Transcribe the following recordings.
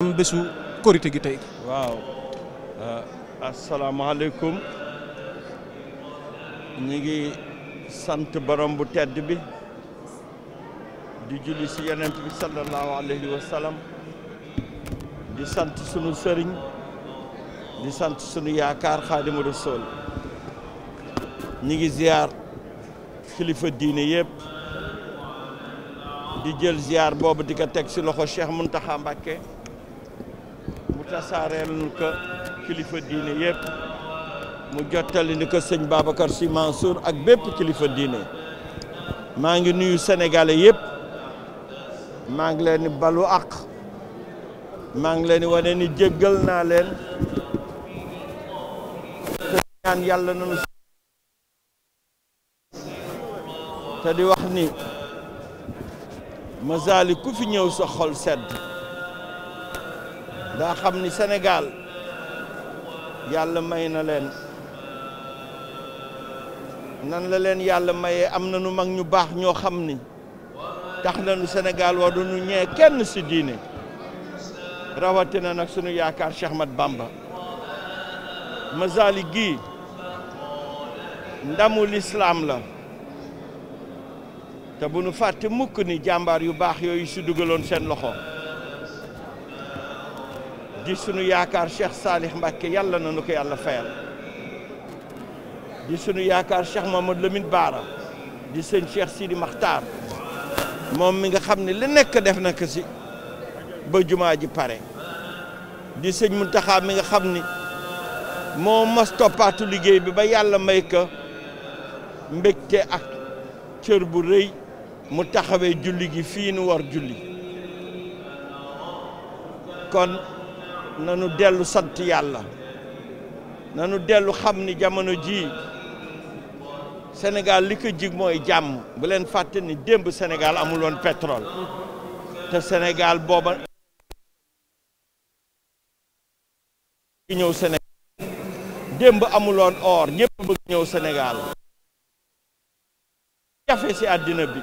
am bésu korité gi euh, ngi sant borom bu tedd bi di julli ci yonent bi sallallahu alayhi wa di sant sunu sëriñ di sant sunu yaakaar xaadimu rasul ñu ngi ziar kilifa diine yépp di jël ziar boobu di ko teg ci loxo Cheikh Mountakha Mbacké. tasaareel nu ko kilifa diine yëpp mu jottali ni ko sëñ Babacar Sy Mansour ak bépp kilifa diine maa ngi nuyu sénégalais yëpp maa ngi leen di balu àq maa ngi leen di wane ni jéggal naa leen te ñaan yàlla nanu wax ni masaali ku fi ñëw sa xol sedd daaxam ni senegaal yàlla may na leen nan la leen yàlla maye am na nu mag ñu baax ñoo xam ni tax na senegaal Sénégal war nu ñee kenn si diine rawatina nag sunu yaakaar Cheikh Ahmat Bamba Masalik gi ndamu lislaam la te bu nu fàtte mukk ni jàmbaar yu baax yooyu si dugaloon seen loxo di sunu yaakaar Cheikh Salih Mbacke yàlla na nu ko yàlla fayal di sunu yaakaar Cheikh Mamadou Lamine Baara di sëñ Cheikh Sidi Makhtar moom mi nga xam ne li nekk def na ko si ba jumaa ji pare di sëñ mu Muntaxa mi nga xam ni moo mas toppaatu liggéey bi ba yàlla may ko mbégte ak cër bu rëy mu taxawee julli gi fii nu war julli kon nanu dellu sant yàlla nanu dellu xam ni jamono jii Sénégal li ko jig mooy jàmm bu leen fàtte ni démb senegaal amuloon woon te senegaal booba ñëw Sénégal démb amuloon woon or ñëpp bëgg ñëw senegaal jafe ci àddina bi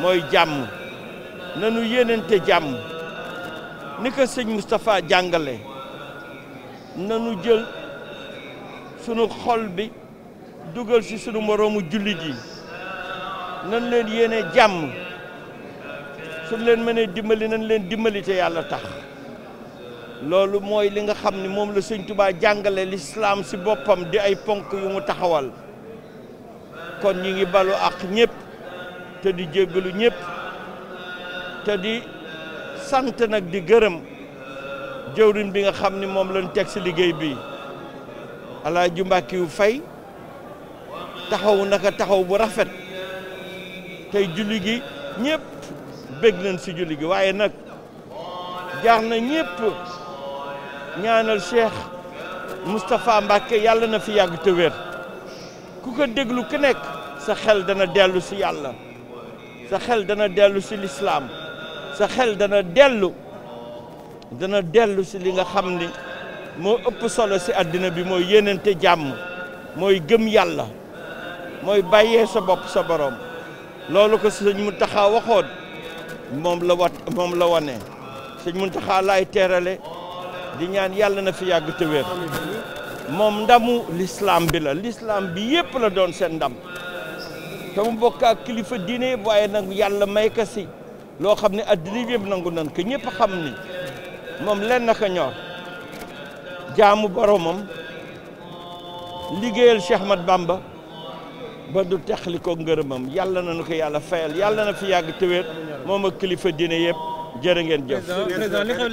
mooy jàmm nanu yéenante jàmm ni ko sëñ Moustapha jàngale nanu jël sunu xol bi dugal ci sunu moroomu jullit yi nan leen yéene jàmm suñ leen mënee dimbali nan leen dimbali te yàlla tax loolu mooy li nga xam ni moom la sëñ Tuubaa jàngale lislaam ci boppam di ay ponk yu mu taxawal kon ñi ngi balu ak ñëpp te di jéggalu ñépp te di sant nag di gërëm jëwriñ bi nga xam ni moom lañ teg si liggéey bi Alaaji Mbàkkiyu Fay taxaw a taxaw bu rafet tey julli gi ñépp bég nañ si julli gi waaye nag jaar na ñëpp ñaanal Cheikh Moustapha Mbacke yàlla na fi yàgg te ku ko déglu ki nekk sa xel dana dellu si yàlla sa xel dana dellu si lislaam sa xel dana dellu dana dellu si li nga xam ni moo ëpp solo si àddina bi mooy yéenante jàmm mooy gëm yàlla mooy bàyyee sa bopp sa boroom loolu ko sëñ Muntaxa waxoon moom la wat moom la wane sëñ Muntaxa laay teerale di ñaan yàlla na fi yàgg te wér moom ndamu lislaam bi la lislaam bi yépp la doon seen ndam te mu bokk ak kilifa diine waaye nag yàlla may ka loo xam ne addina yëpp nangu nan ko ñëpp xam ni moom leen naka ñor jaamu boromam liggéeyal Cheikh Ahmad Bamba ba du texli ko ngërëmam yàlla na nu ko yàlla fayal yàlla na fi yàgg téwéet moom ak kilifa diine yëpp jërë ngeen jëf